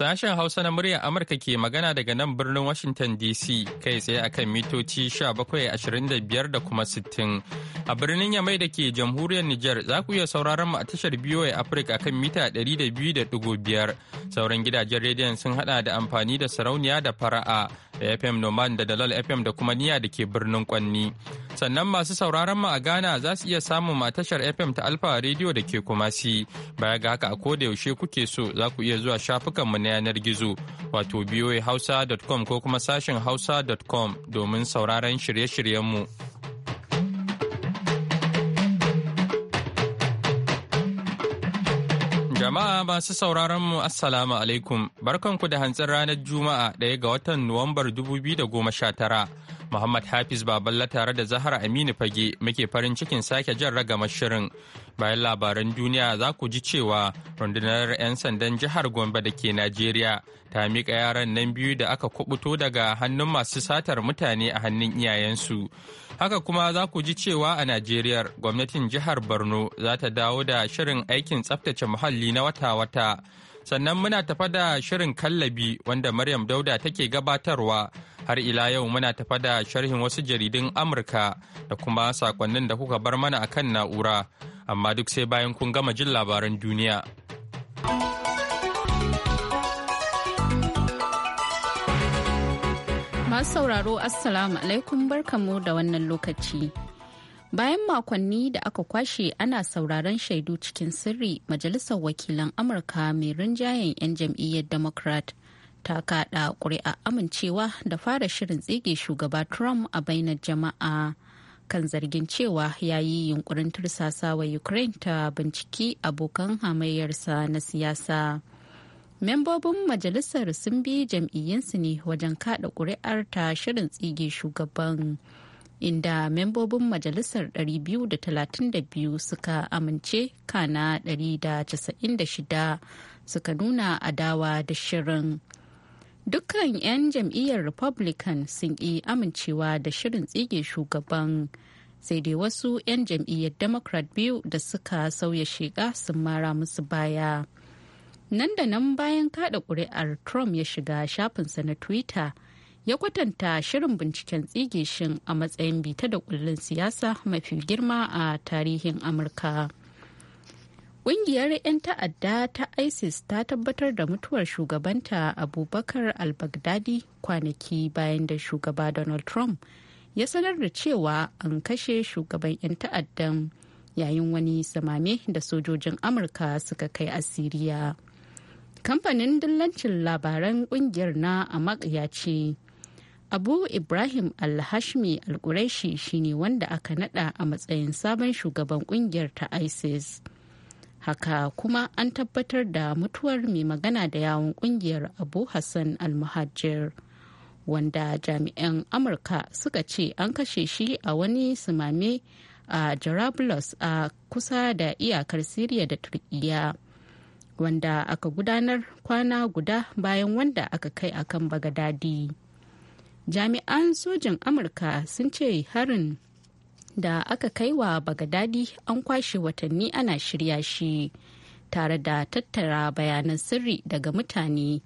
Sashen Hausa na muryar Amurka ke magana daga nan birnin Washington DC kai tsaye akan mitoci 1725 da kuma 60. A birnin Yamai da ke jamhuriyar Nijar za ku iya sauraron mu a tashar BOA Africa akan mita 200.5. Sauran gidajen rediyon sun hada da amfani da sarauniya da fara'a. da FM Noman da Dalal FM da kuma Niya da ke birnin Kwanni. Sannan masu sauraron mu a Ghana za su iya samun tashar FM ta Alfa Radio da ke Kumasi. Baya ga haka a koda yaushe kuke so za ku iya zuwa shafukan mu na yanar gizo wato voahausa.com ko kuma sashin hausa.com domin sauraron shirye-shiryen mu. Jama'a masu sauraron mu Assalamu alaikum, barkanku da hantsin ranar Juma'a ɗaya ga watan Nuwambar 2019 Muhammad Hafiz Baballa tare da Zahra Aminu Fage muke farin cikin sake jan ragamar shirin. Bayan labaran duniya za ku ji cewa rundunar 'yan sandan jihar Gombe da ke Najeriya ta miƙa yaran nan biyu da aka kubuto daga hannun masu satar mutane a hannun iyayensu. Haka kuma za ku ji cewa a Najeriya gwamnatin jihar Borno za ta dawo da shirin aikin tsaftace muhalli na wata-wata. sannan muna tafa da shirin kallabi wanda Maryam Dauda take gabatarwa har ila yau muna tafa da sharhin wasu jaridun Amurka da kuma sakonnin da kuka bar mana akan na'ura amma duk sai bayan kun gama jin labaran duniya. Masu sauraro Assalamu alaikum barkamu da wannan lokaci. Bayan makonni da aka kwashe ana sauraron shaidu cikin sirri Majalisar Wakilan Amurka mai rinjayen 'yan jam'iyyar Democrat ta kada kuri'a amincewa da fara shirin tsige shugaba Trump a bainar jama'a kan zargin cewa ya yi yunkurin wa Ukraine ta binciki abokan hamayyarsa na siyasa. Membobin majalisar sun bi jam'iyyinsu ne wajen kada kuri'ar ta shirin tsige shugaban. inda membobin majalisar 232 suka amince kana 196 suka nuna adawa da shirin dukkan 'yan jam'iyyar republican sun ƙi amincewa da shirin tsige shugaban sai dai wasu 'yan jam'iyyar democrat biyu da suka sauya shiga sun mara musu baya nan da nan bayan kada kuri'ar trump ya shiga shafinsa na twitter ya kwatanta shirin binciken tsige shin a matsayin bita da kullun siyasa mafi girma a tarihin amurka Ƙungiyar 'yan ta'adda ta ISIS ta tabbatar da mutuwar shugabanta Abubakar al-Baghdadi kwanaki bayan da shugaba Donald Trump ya sanar da cewa an kashe shugaban 'yan ta'addan yayin wani samame da sojojin Amurka suka kai asiriya. Kamfanin dillancin labaran ƙungiyar na amaq ya ce, abu ibrahim alhashmi alkuraishi shine wanda aka nada a matsayin sabon shugaban kungiyar ta isis haka kuma an tabbatar da mutuwar mai magana da yawon kungiyar abu hassan almuhajir wanda jami'an amurka suka ce an kashe shi a wani sumame a jarabulus a kusa da iyakar siriya da turkiya wanda aka gudanar kwana guda bayan wanda aka kai akan bagadadi. jami'an sojin amurka sun ce harin da aka kai wa bagadadi an kwashe watanni ana shirya shi tare da tattara bayanan sirri daga mutane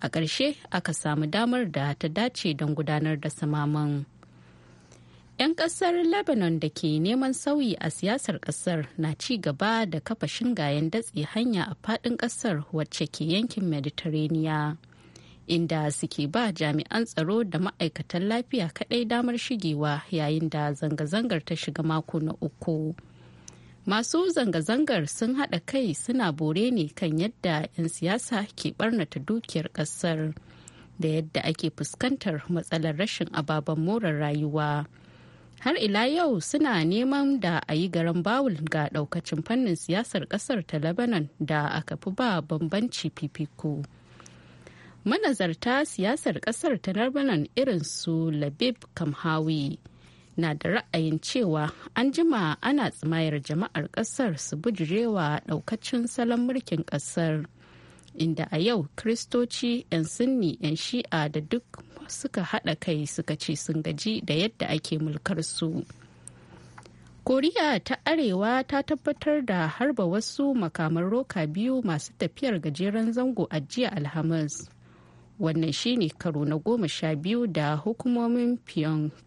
a ƙarshe aka samu damar da ta dace don gudanar da samaman 'yan ƙasar lebanon da ke neman sauyi a siyasar ƙasar na ci gaba da kafa shingayen datse hanya a faɗin ƙasar wacce ke yankin mediterranean inda suke ba jami'an tsaro da ma'aikatan lafiya kaɗai damar shigewa yayin da zanga-zangar ta shiga mako na uku. Masu zanga-zangar sun haɗa kai suna bore ne kan yadda 'yan siyasa ke barnata dukiyar ƙasar da yadda ake fuskantar matsalar rashin ababen more rayuwa. Har ila yau suna neman da a yi garan bawul ga ɗaukacin fannin siyasar ƙasar ta Lebanon da aka fi ba bambanci fifiko. manazarta siyasar kasar ta narbanan irin su Labib Kamhawi na da ra'ayin cewa an jima ana tsimayar jama'ar kasar su bujirewa daukacin salon mulkin kasar inda a yau kristoci 'yan sunni 'yan shi'a da duk suka haɗa kai suka ci sun gaji da yadda ake mulkar su. koriya ta arewa ta tabbatar da harba wasu makaman roka biyu masu tafiyar gajeren zango a jiya alhamis wannan shine karo na goma sha biyu da hukumomin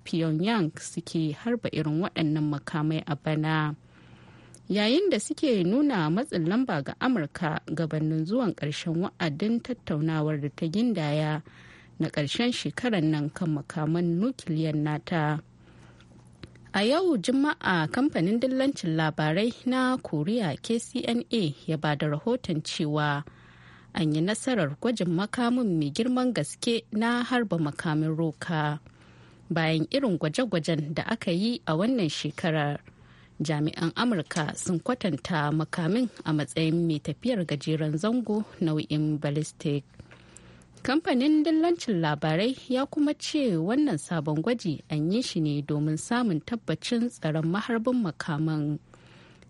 pyongyang suke harba irin waɗannan makamai a bana yayin da suke nuna matsin lamba ga amurka gabanin zuwan ƙarshen wa'adin tattaunawar da ta gindaya na ƙarshen shekarar nan kan makaman nukiliyar nata a yau juma'a kamfanin dillancin labarai na koriya kcna ya ba da rahoton cewa an yi nasarar gwajin makamin mai girman gaske na harba makamin roka bayan irin gwaje-gwajen da aka yi a wannan shekarar jami'an amurka sun kwatanta makamin a matsayin mai tafiyar gajeren zango nau'in ballistic kamfanin dillancin labarai ya kuma ce wannan sabon gwaji an yi shi ne domin samun tabbacin tsaron maharbin makaman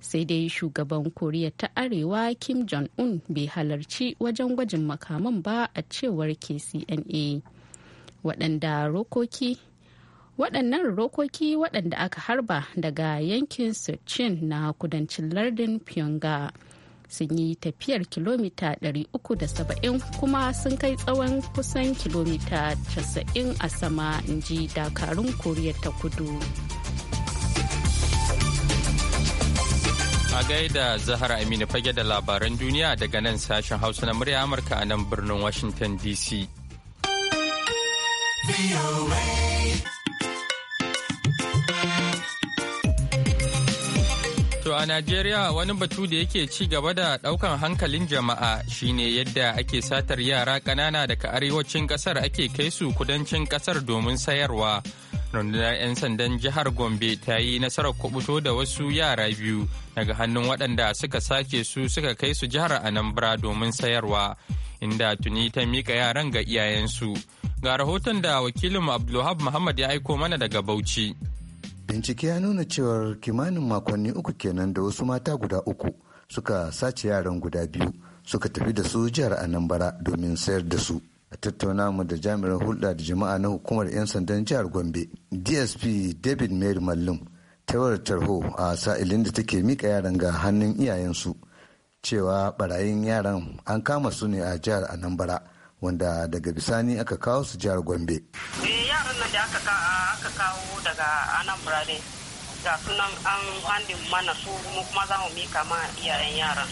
sai dai shugaban koriya ta arewa kim jong-un bai halarci wajen gwajin makaman ba a cewar kcna waɗanda rokoki waɗannan rokoki waɗanda aka harba daga yankin Sochin na kudancin lardin pyongyang sun yi tafiyar kilomita 370 kuma sun kai tsawon kusan kilomita 90 a sama inji dakarun koriya ta kudu A gaida Zahara Aminu fage da labaran duniya daga nan sashen Hausa na murya Amurka a nan birnin Washington DC. To a Najeriya wani batu da yake ci gaba da daukan hankalin jama'a shine yadda ake satar yara ƙanana daga arewacin ƙasar ake kai su kudancin ƙasar domin sayarwa. rundunar 'yan sandan jihar gombe ta yi nasarar kubuto da wasu yara biyu daga hannun waɗanda suka sace su suka kai su jihar anambra domin sayarwa inda tuni ta mika yaran ga iyayensu ga rahoton da wakilin abdulhab muhammad ya aiko mana daga bauchi bincike ya nuna cewar kimanin makonni uku kenan da wasu mata guda uku suka sace yaran guda biyu suka tafi da su jihar anambra domin sayar da su a tattauna mu da jami'ar hulɗa da jama'a na hukumar 'yan sandan jihar gombe dsp david mary mallum ta tarho a sa'ilin da take mika yaran ga hannun iyayensu cewa barayin yaran an kama su ne a jihar anambra wanda daga bisani aka kawo su jihar gombe eh, yaran da aka kawo daga anambra ne ga sunan an handin mana su kuma za mu mika ma iyayen yaran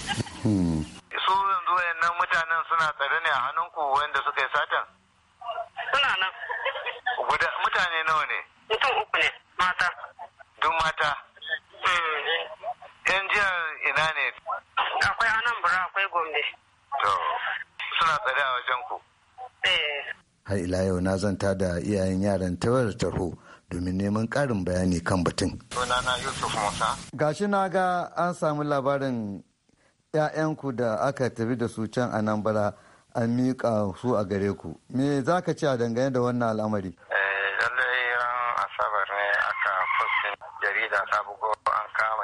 zanta da iyayen yaran ta tarho domin neman ƙarin bayani kan batun. Sunana Yusuf Musa. Gashi na ga an samu labarin 'ya'yanku da aka tafi da su can a nan bara an miƙa su a gare ku. Me za ka ci a dangane da wannan al'amari? Eh, lallai ran Asabar ne aka jarida an kama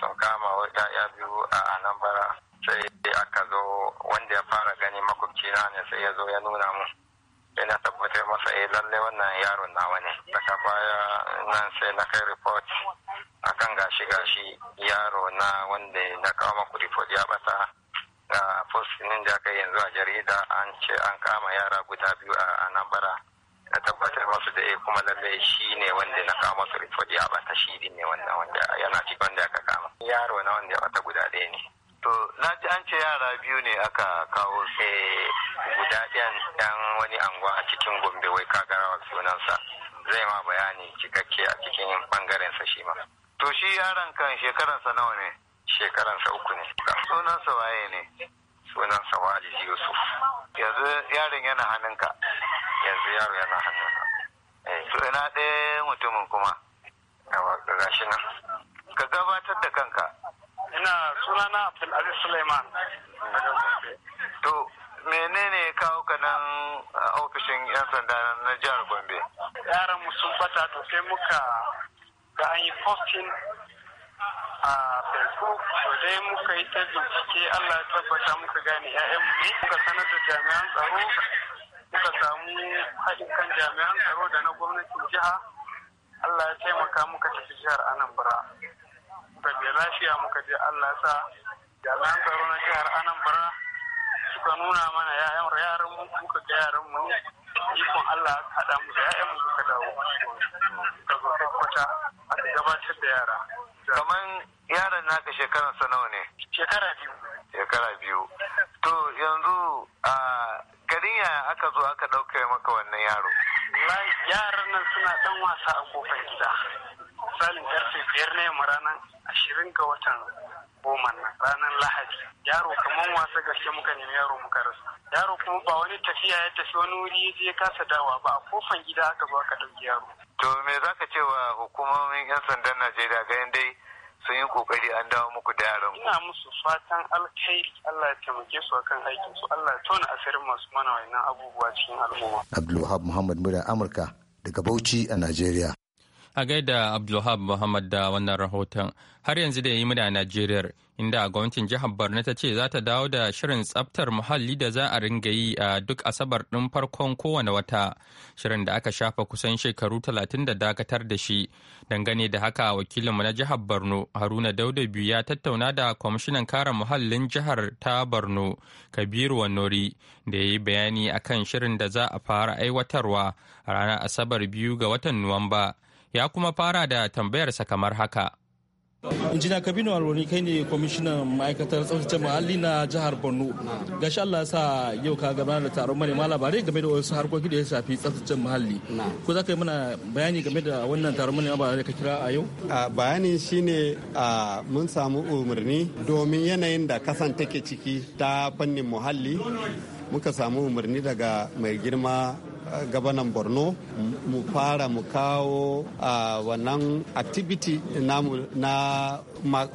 sun kama 'ya'ya biyu a Anambra sai aka zo wanda ya fara gani na ne sai ya zo ya nuna mu. ina tabbatar masa eh lalle wannan yaron nawa ne daga baya nan sai na kai report akan gashi gashi yaro na wanda na kawo maku report ya bata ga din da aka yanzu a jarida an ce an kama yara guda biyu a anambra na tabbatar masu da eh kuma lalle shi ne wanda na kawo masa report ya bata shi ne wannan wanda yana cikin wanda aka kama yaro na wanda ya bata guda ɗaya ne To na ji an ce yara biyu ne aka kawo su eh, guda ɗayan ɗan wani anguwa a cikin Gombe wai kagarawa sunansa zai ma bayani cikakke a cikin ɓangarensa shi ma. To shi yaron kan shekaransa nawa ne? Shekaransa uku ne. Sunansa waye ne? Sunansa Walid Yusuf. Yanzu yaron yana hannunka. Yanzu yaro yana hannunka. Eh, to ina ɗaya mutumin kuma. Ga nan. Ka gabatar da kanka. ina sunana abdulaziz suleiman to menene ya kawo ka nan ofishin yan sanda na jihar gombe yaran mu sun bata to sai muka ga an yi posting a facebook to dai muka yi ta bincike allah ya tabbata muka gane 'ya'yan ne muka sanar da jami'an tsaro muka samu haɗin kan jami'an tsaro da na gwamnatin jiha Allah ya taimaka muka tafi jihar Anambra. bai lafiya muka je Allah sa jami'an tsaro na jihar Anambra suka nuna mana yayan yaran mu muka ga yaran mu ikon Allah haɗa mu da yayan mu muka dawo daga kwakwata aka gabatar da yara kaman yaron naka shekaran sa nawa ne shekara biyu shekara biyu to yanzu a garin yaya aka zo aka dauke maka wannan yaro yaran nan suna ɗan wasa a kofar gida misalin karfe biyar na yamma ranar ashirin ga watan goma ranar lahadi yaro kamar wasa gaske muka nemi yaro muka rasa yaro kuma ba wani tafiya ya tafi wani wuri ya je kasa dawa ba a kofan gida aka zo aka ɗauki yaro. to me za ka ce wa hukumomin yan sandan najeriya ganin dai sun yi kokari an dawo muku da yaran ina musu fatan alkhairi Allah ya taimake su akan aikin su Allah ya tona asirin masu mana wainan abubuwa cikin al'umma Abdulwahab Muhammad muda Amurka daga Bauchi a Najeriya A gaida Abdulhab Muhammad da wannan rahoton har yanzu da ya yi muna Najeriya inda gwamnatin jihar Borno ta ce za ta dawo da shirin tsabtar muhalli da za a ringa yi a duk asabar ɗin farkon kowane wata shirin da aka shafa kusan shekaru talatin da dakatar da shi dangane da haka wakilinmu na jihar Borno Haruna Dauda biyu ya tattauna da kwamishinan kare muhallin jihar ta Borno Kabiru Wanori da ya yi bayani akan shirin da za a fara aiwatarwa a ranar asabar biyu ga watan Nuwamba. ya kuma fara da tambayarsa kamar haka. injina kabino alwani kai ne kwamishinan ma'aikatar tsaftace muhalli na jihar borno gashi allah sa yau ka gabatar da taron manema labarai game da wasu harkoki da ya shafi tsaftace muhalli ko za ka yi mana bayani game da wannan taron manema labarai da ka kira a yau bayanin ne mun samu umarni domin yanayin da kasan take ciki ta fannin muhalli muka samu umarni daga mai girma gabanan borno mu fara mu kawo wannan activity na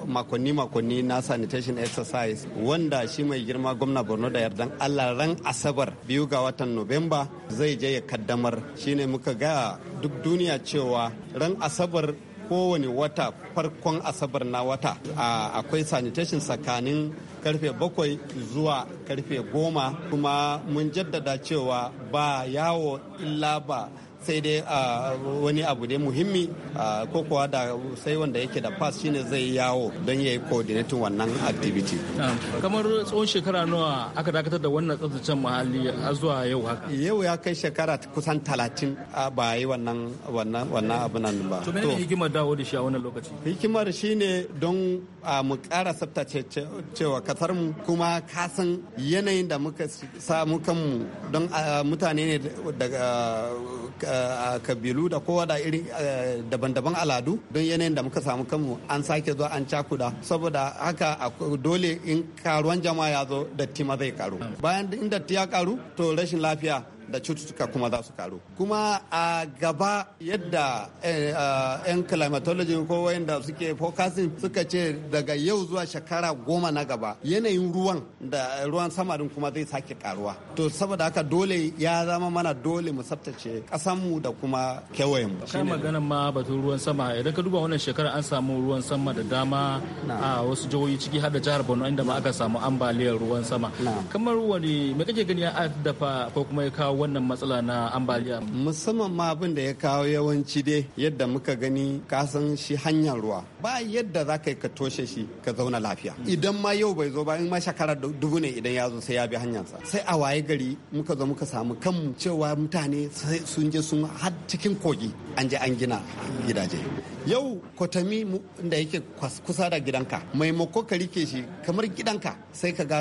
makonni-makonni na sanitation exercise wanda shi mai girma gwamna borno da yardan allah ran asabar biyu ga watan november zai je ya kaddamar shine muka ga duk duniya cewa ran asabar kowane wata farkon asabar na wata akwai sanitation tsakanin karfe bakwai zuwa karfe goma kuma mun jaddada cewa ba yawo illa ba sai dai wani abu dai muhimmi ko kuwa da sai wanda yake da pass shine zai yawo don ya yi coordinating wannan activity kamar tsohon shekara nawa aka dakatar da wannan tsaftacen muhalli a zuwa yau haka yau ya kai shekara kusan talatin ba yi wannan wannan abu nan ba to menene hikimar dawo da shi a wannan lokaci hikimar shine don mu kara tsabtace cewa kasar mu kuma kasan yanayin da muka samu kanmu don mutane ne daga a kabilu da kowa da irin daban-daban aladu don yanayin da muka samu kanmu an sake zuwa an cakuda saboda haka dole in karuwan jama'a ya zo datti ma zai karu bayan in datti ya karu to rashin lafiya da cututtuka kuma za su karu kuma a gaba yadda eh, eh, 'yan climatology ko wayanda suke forecasting suka ce daga yau zuwa shekara goma na gaba yanayin ruwan da ruwan sama kuma zai sake karuwa to saboda haka dole ya zama mana dole mu tsaftace kasanmu da kuma kewayen mu kai maganan ma batun ruwan sama idan ka duba wannan shekara an samu ruwan sama da dama a wasu jihohi ciki har da jihar Borno inda ma aka samu ambaliyar ruwan sama kamar wani me kake gani ya addafa ko kuma ya kawo wannan matsala na ambaliya musamman ma abin da ya kawo yawanci dai yadda muka gani kasan shi hanyar ruwa ba yadda za ka yi ka toshe shi ka zauna lafiya idan ma yau bai zo ba in ma shekara dubu ne idan ya zo sai ya bi hanyarsa sai a waye gari muka zo muka samu kanmu cewa mutane sun je sun har cikin kogi an je an gina gidaje yau kwatami da yake kusa da gidanka maimako ka rike shi kamar gidanka sai ka ga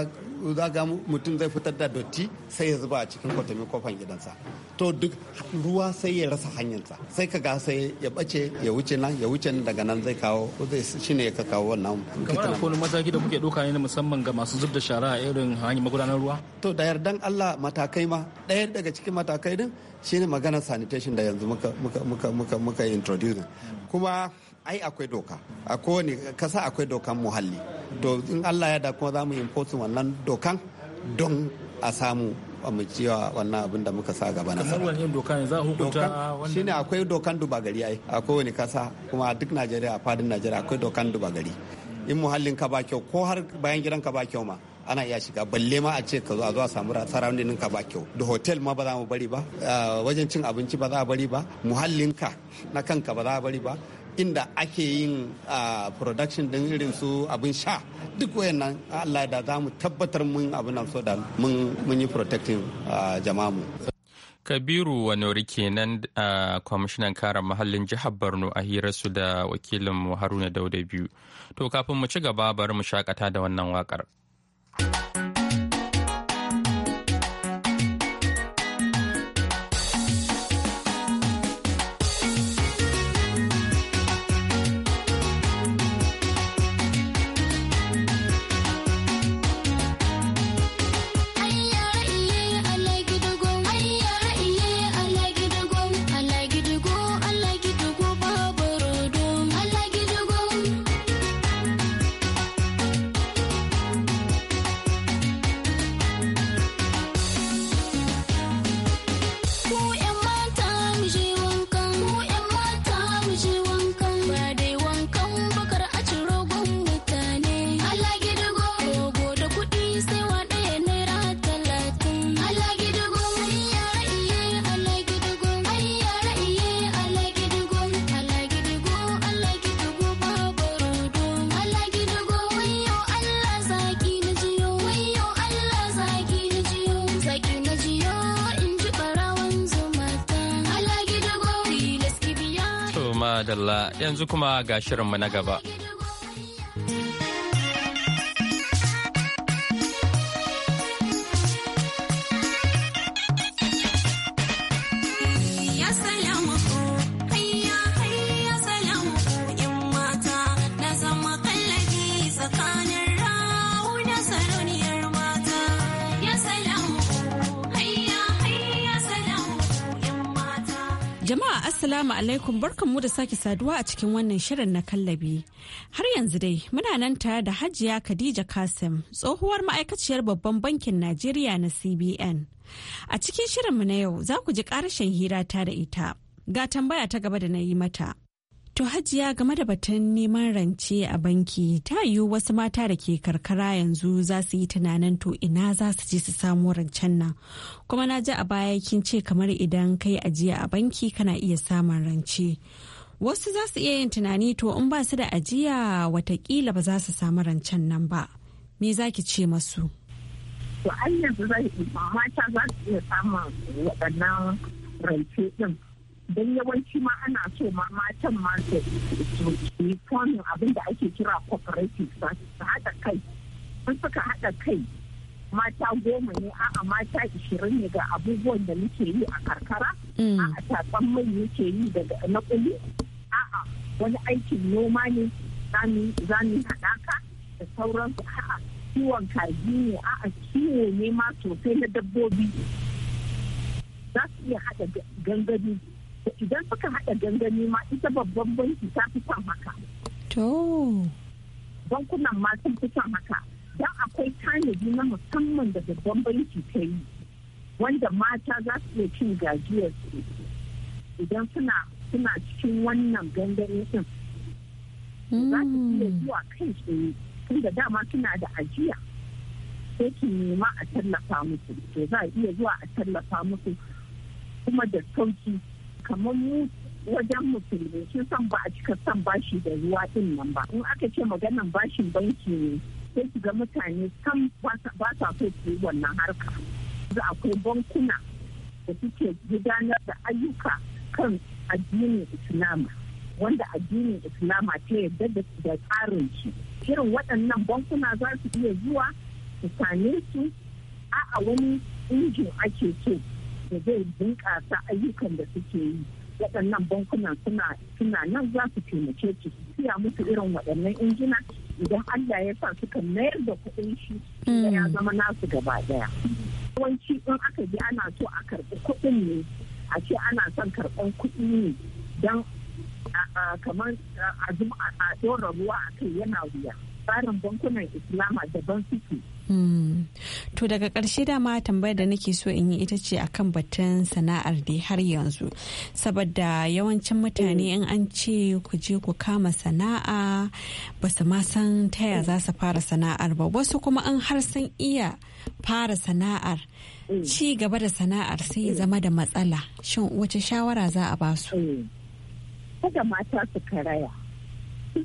za ga mutum zai fitar da dotti sai ya zuba a cikin kwatamin kofan gidansa to duk ruwa sai ya rasa hanyarsa sai ka ga sai ya bace ya wuce nan ya wuce nan daga nan zai kawo zai shine ya kawo wannan kamar ko wani mataki da kuke doka ne musamman ga masu zub da shara a irin hanyar magudanar ruwa to da yardan Allah matakai ma daya daga cikin matakai din shine maganar sanitation da yanzu muka muka muka muka introduce kuma ai akwai doka a kowane kasa akwai dokan muhalli to in allah ya da kuma za mu enforce wannan dokan don a samu mu cewa wannan abin da muka sa gaba nasara. Kamar yin doka za a hukunta wannan. Shine akwai dokan duba gari ai a kowane kasa kuma a duk Najeriya a fadin Najeriya akwai dokan duba gari. In muhallin ka ba kyau ko har bayan gidan ka ba kyau ma ana iya shiga balle ma a ce ka zo a zo a samu surrounding ka ba kyau da hotel ma ba za mu bari ba ah, wajen cin abinci ba za a bari ba muhallin ka na kanka ba za a bari ba inda ake yin a production din irin su abin sha duk wayannan Allah da za mu tabbatar mun abin nan so da mun yi protecting jama'a mu Kabiru Wanori kenan a kwamishinan kare muhallin jihar Borno a su da wakilin mu Haruna Dauda biyu. To kafin mu ci gaba bari mu shakata da wannan wakar. Adalla yanzu kuma ga shirinmu na gaba. Jama'a Assalamu alaikum barkanmu da sake saduwa a cikin wannan shirin na kallabi. Har yanzu dai muna nan tare da Hajiya Khadija Kasim tsohuwar ma'aikaciyar babban bankin Najeriya na CBN. A cikin shirin mu na yau za ku ji ƙarashin hira ta da ita. Ga tambaya ta gaba da na yi mata. To hajiya game da batun neman rance a banki ta yiwu wasu mata da ke karkara yanzu za su yi tunanin to ina za su je su samu rancen nan. Kuma na ji a baya kin ce kamar idan ka yi ajiya a banki kana iya samun rance. Wasu za su iya yin tunani to in ba su da ajiya watakila ba za su samu rancen nan ba. Me za ki ce masu? To an yanzu mata za su iya samun waɗannan rance ɗin don yawanci ma ana so ma matan ma su yi forming abin da ake kira cooperative ba su haɗa kai sun suka haɗa kai mata goma ne a'a mata ishirin ne ga abubuwan da muke yi a karkara mm. a'a tatsan mai muke yi daga na kuli a'a wani aikin noma ne za mu haɗaka da sauran sauransu 'a kiwon kaji ne a'a kiwo ne ma sosai na dabbobi za su iya haɗa gangami idan suka haɗa gangami ma ita babban banki ta fi son haka. To. Bankunan ma sun fi son haka. Don akwai tanadi na musamman da babban banki ta yi wanda mata za su iya cin gajiyar su idan suna suna cikin wannan gangami sun. Za su hmm. iya zuwa kai tsaye tunda dama suna da ajiya. Sai ki nema a tallafa musu. To za a iya zuwa a tallafa musu kuma da sauki kamar mu wajen musulmi sun san ba a cika san bashi da ruwa din nan ba in aka ce maganan bashin banki ne sai su mutane san ba sa so su yi wannan harka za akwai bankuna da suke gudanar da ayyuka kan addinin islama wanda addinin islama ta yarda da tsarin shi irin waɗannan bankuna za su iya zuwa su same su a wani injin ake so da zai bunƙasa ayyukan da suke yi waɗannan bankunan suna nan za su taimake su siya musu irin waɗannan injina idan Allah ya sa suka mayar da kuɗin shi hmm. ya zama nasu gaba daya. Yawanci in aka ji ana so a karɓi kuɗin ne a ce ana son karɓan kuɗi ne don kamar a ɗora ruwa a kai yana wuya. tsarin bankunan islama daban suke hmm. to daga ƙarshe dama tambayar da nake so in yi ita ce akan batun sana'ar da har yanzu saboda yawancin mutane in an ce ku je ku kama sana'a ba su ma san taya za su fara sana'ar ba wasu kuma an har san iya fara sana'ar hmm. ci gaba da sana'ar sai ya hmm. zama da matsala shin wace shawara za a ba su kada mata su karaya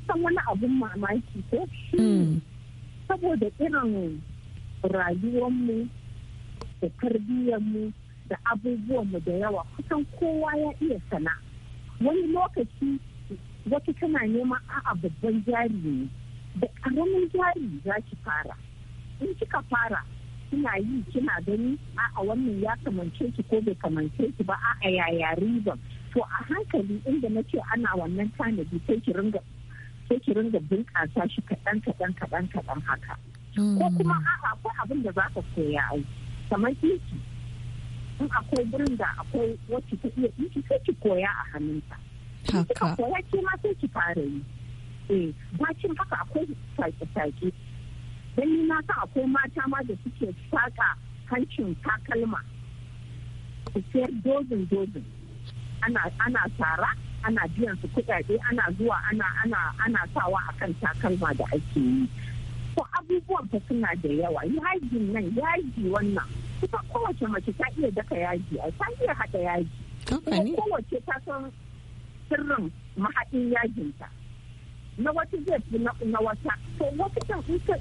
san wani abun mamaki ko hmm. saboda irin rayuwar mu da tarbiyyarmu da abubuwan mu da yawa kusan kowa ya iya sana wani lokaci wata tana neman a'a babban jari ne da karamin jari za ki fara in kika fara kina yi kina gani a'a wannan ya kamance ki ko bai kamance ki ba a'a yaya riban to a hankali inda na ana wannan tanadi sai ki ringa sai ki ringa bunƙasa shi kaɗan kaɗan kaɗan kaɗan haka ko hmm. kuma a'a ko abin da za ka koya ai kamar ɗinki in akwai gurin da akwai wacce ta iya ɗinki sai ki koya a hannunta kika koya ke ma sai ki fara yi eh bacin haka akwai sake-sake Dan ni na san akwai mata ma da suke saka hancin takalma Ku sayar dozin dozin ana tara ana biyan su kuɗaɗe ana zuwa ana ana ana sawa akan takalma da ake yi to abubuwan ta suna da yawa yaji nan yaji wannan kusa kowace mace ta iya daka yaji a ta iya haɗa yaji kowace ta san sirrin mahaɗin yajinta na wata zai fi na wata to wata kan in ta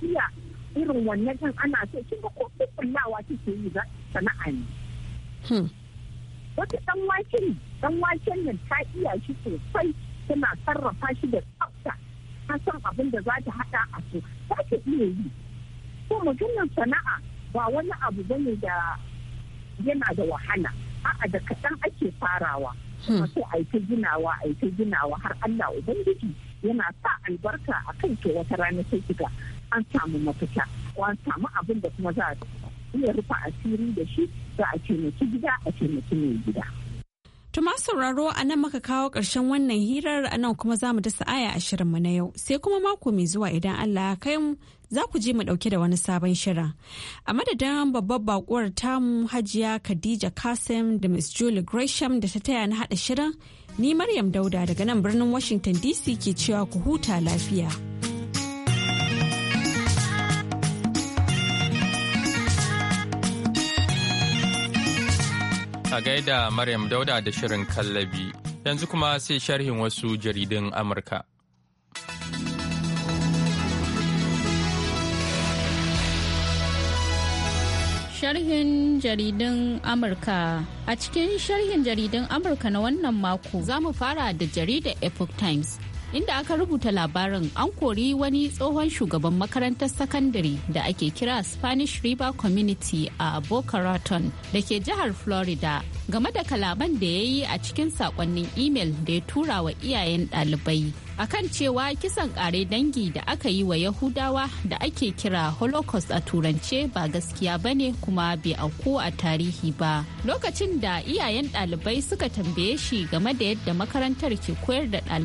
iya irin wannan kan ana so kin ga ko kullawa kike yi sana'a ne hmm. wata ɗan wake dan waken nan ta iya shi sosai tana sarrafa shi da tsafta ta san abin da za ta haɗa a su ta ke iya yi ko maganar sana'a ba wani abu ba ne da yana da wahala a'a da kaɗan ake farawa hmm. wato a ta ginawa a ta ginawa har Allah ubangiji yana sa albarka a kan ke wata rana sai shiga an samu mafita ko an samu abin da kuma za a iya rufe asiri da shi za a taimaki gida a taimaki mai gida. masu sauraro a nan muka kawo ƙarshen wannan hirar a nan kuma za mu dasa aya ashirin mu na yau sai kuma mako mai zuwa idan Allah ya kai mu za ku je mu ɗauke da wani sabon shirin. A madadin babbar bakuwar tamu Hajiya Khadija Kasim da Miss Julie Gresham da ta taya na haɗa shirin ni Maryam Dauda daga nan birnin Washington DC ke cewa ku huta lafiya. A gaida Maryam Dauda da Shirin Kallabi, yanzu kuma sai sharhin wasu jaridun Amurka. sharhin jaridun Amurka. A cikin sharhin jaridun Amurka na wannan mako za mu fara da jaridar Epoch Times inda aka rubuta labarin an kori wani tsohon shugaban makarantar sakandare da ake kira Spanish River Community a Boca Raton da ke jihar Florida game da kalaban da ya yi a cikin sakonnin imel da ya tura wa iyayen ɗalibai akan cewa kisan kare dangi da aka yi wa yahudawa da ake kira holocaust a turance ba gaskiya ba ne kuma bai auku a tarihi ba lokacin da iyayen dalibai suka tambaye shi game da yadda makarantar ke koyar da a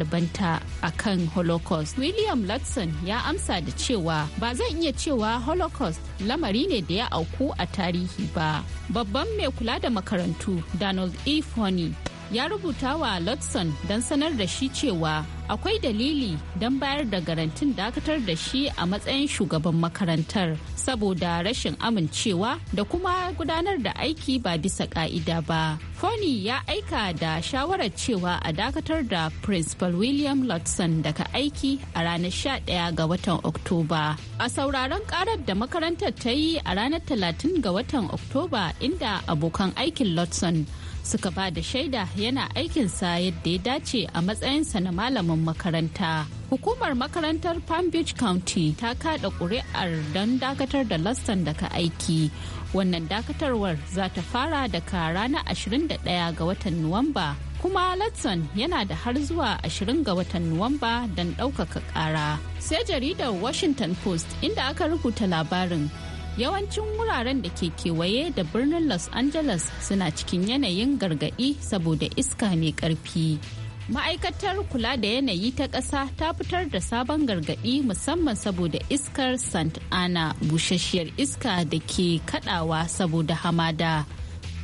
akan holocaust william lutson ya amsa da cewa ba zan iya cewa holocaust lamari ne da ya auku a tarihi ba babban mai kula da makarantu donald e. Forney. ya rubuta wa Lodson don sanar da shi cewa akwai dalili don bayar da garantin dakatar da shi a matsayin shugaban makarantar saboda rashin amincewa da kuma gudanar da aiki ba bisa ka'ida ba. Foni ya aika da shawarar cewa a dakatar da Principal William Lodson daga aiki a ranar 11 ga watan Oktoba. A sauraron karar da makarantar ta yi a ranar 30 ga watan Oktoba inda abokan aikin Lodson suka ba da shaida yana aikinsa yadda ya dace a matsayinsa na malamin makaranta. Hukumar makarantar Palm Beach County ta kada ƙuri'ar don dakatar da lastan daga aiki. Wannan dakatarwar za ta fara daga ranar 21 ga watan Nuwamba. kuma Latson yana da har zuwa 20 ga watan Nuwamba don ɗaukaka ƙara. Sai jaridar Washington Post inda aka rubuta labarin yawancin wuraren da ke kewaye da birnin los angeles suna cikin yanayin gargadi saboda iska mai karfi ma'aikatar kula da yanayi ta ƙasa ta fitar da sabon gargadi musamman saboda iskar st ana busasshiyar iska da ke kadawa saboda hamada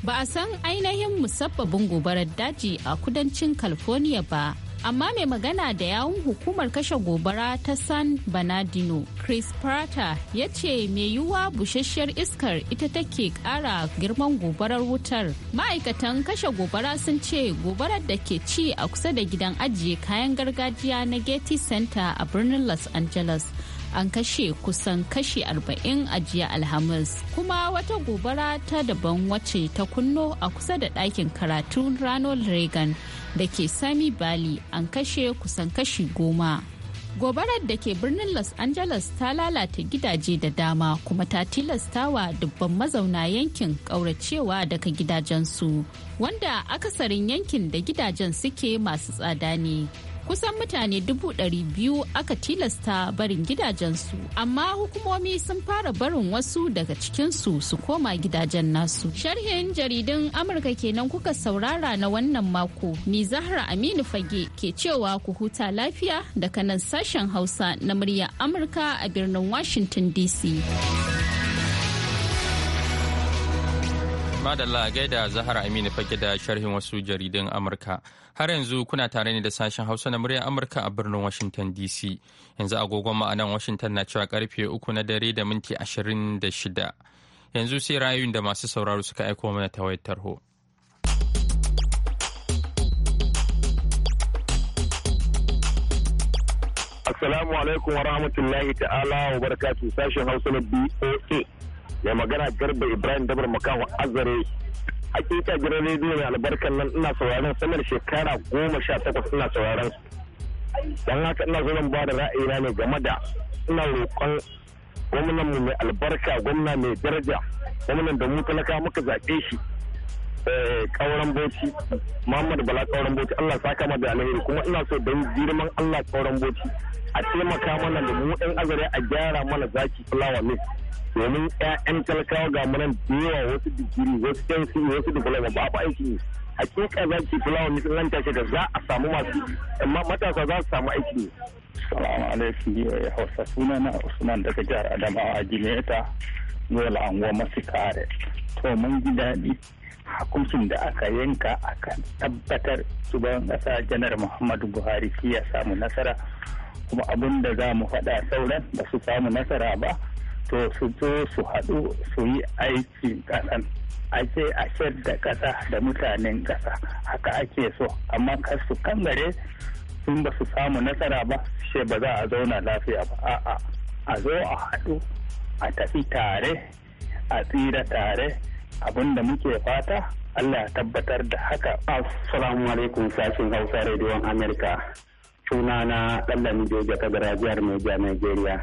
ba a san ainihin musabbabin gobarar daji a kudancin california ba amma mai magana da yawun hukumar kashe gobara ta san bernardino chris prata ya ce mai yiwuwa busasshiyar iskar ita take kara girman gobarar wutar ma'aikatan kashe gobara sun ce gobarar da ke ci a kusa da gidan ajiye kayan gargajiya na getty center a birnin los angeles an kashe kusan kashi 40 a alhamis kuma wata gobara ta daban wace ta kunno a kusa da ɗakin karatun ronald reagan da ke sami bali an kashe kusan kashi goma gobarar da ke birnin los angeles ta lalata gidaje da dama kuma ta tilastawa dubban mazauna yankin ƙauracewa daga gidajensu wanda akasarin yankin da gidajen suke masu tsada ne kusan mutane dubu ɗari biyu aka tilasta barin gidajensu amma hukumomi sun fara barin wasu daga cikinsu su koma gidajen nasu sharhin jaridun amurka kenan kuka saurara na wannan mako ni zahra aminu fage ke cewa ku huta lafiya daga nan sashen hausa na murya amurka a birnin washington dc Madalla gaida Zahar Aminu fage da sharhin wasu jaridun Amurka. Har yanzu kuna tare ne da sashen Hausa na muryar Amurka a birnin Washington DC. Yanzu agogon ma'anan Washington na cewa karfe uku na dare da minti ashirin da shida. Yanzu sai rayuyin da masu sauraro suka aiko mana ta wayar tarho. Assalamu alaikum wa rahmatullahi ta'ala wa barakatuh sashen Hausa na BOA. mai magana garba ibrahim dabar makawa azare hakika gidan rediyo mai albarkan nan ina sauraron sanar shekara goma sha takwas ina sauraron don haka ina zo zan ba da ra'ayina ne game da ina roƙon gwamnan mu mai albarka gwamna mai daraja gwamnan da mu talaka muka zaɓe shi eh, Ƙauren boci muhammadu bala Ƙauren boci allah saka ma da alheri kuma ina so don girman allah Ƙauren boci a taimaka mana da mu ɗan azare a gyara mana zaki fulawa ne domin ƴaƴan talakawa ga mana da yawa wasu digiri wasu yansu wasu diploma ba aiki hakika zaki fulawa ne sun tashi da za a samu masu matasa za su samu aiki ne salamu alaikum biyu ya hausa suna na usman daga jihar adamawa a jimeta yola anguwa masu kare to mun ji daɗi hakuncin da aka yanka aka tabbatar shugaban ƙasa janar muhammadu buhari shi ya samu nasara kuma abin da za mu faɗa sauran ba su samu nasara ba to su zo su haɗu su yi aikin ƙasan ake a da ƙasa da mutanen ƙasa haka ake so amma kar su kangare sun ba su samu nasara ba she ba za a zauna lafiya ba a'a a zo a haɗu a tafi tare a tsira tare abin da muke fata Allah ya tabbatar da haka. Assalamu alaikum sashen Hausa rediyon Amerika. suna na ɗallami Joja gara jihar Neja, Nigeria.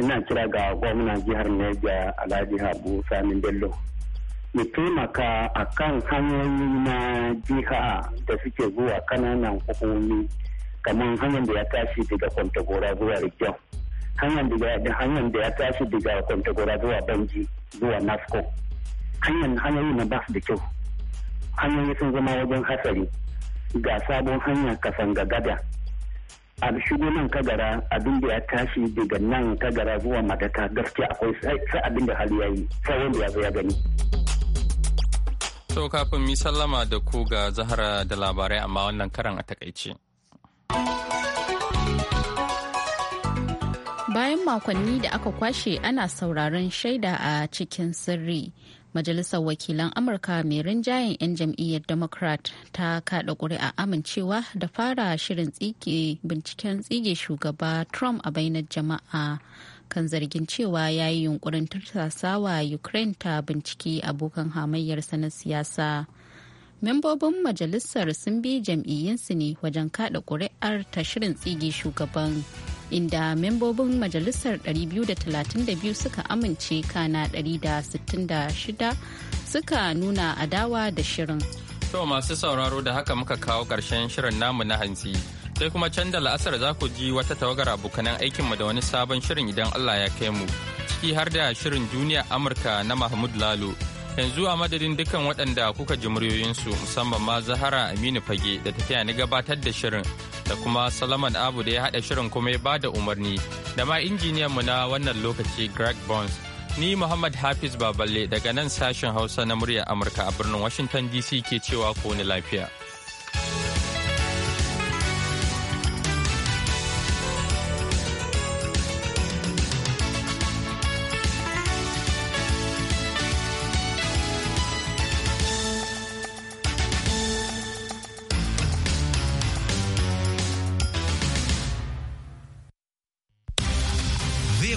Ina kira ga gwamnan jihar Neja Alhaji Habu Sani Bello. Mu taimaka a kan hanyoyi na jiha da suke zuwa kananan hukumomi kamar hanyar da ya tashi daga Kwantagora zuwa Rijiyar. Hanyar da ya tashi daga Kwantagora zuwa Banji zuwa Nasko. Hanyar hanyoyi na bas da kyau. Hanyoyi sun zama wajen hatsari. Ga sabon hanya kasanga gada. a shigo nan kagara abin da ya tashi daga nan kagara zuwa madaka gaskiya akwai sai abin da hali ya yi sai wanda ya zo ya gani to kafin mi sallama da ku ga zahara da labarai amma wannan karan a takaice bayan makonni da aka kwashe ana sauraron shaida a cikin sirri Majalisar Wakilan Amurka mai rinjayen 'yan jam'iyyar Democrat ta kada ƙuri'a amincewa da fara shirin tsige binciken tsige shugaba Trump a bainar jama'a kan zargin cewa ya yi yunkurin tattasawa Ukraine ta binciki abokan hamayyarsa na siyasa. Membobin majalisar sun bi jam'iyyinsu ne wajen kada ƙuri'ar ta shirin tsige shugaban. inda membobin majalisar 232 suka amince kana 166 suka nuna adawa da shirin. To masu sauraro da haka muka kawo ƙarshen shirin namu na hantsi. Sai kuma can da la'asar za ku ji wata tawagar abokanan aikinmu da wani sabon shirin idan Allah ya kai mu. Ciki har da shirin duniya Amurka na Mahmud Lalo. Yanzu a madadin dukkan waɗanda kuka ji muryoyinsu musamman ma Zahara Aminu Fage da tafiya na gabatar da shirin. da kuma salaman Abu da ya haɗa shirin kuma ya bada umarni da ma injiniyan mu na wannan lokaci Greg Bones. Ni Muhammad Hafiz Baballe daga nan sashen Hausa na murya Amurka a birnin Washington DC ke cewa ko ni lafiya.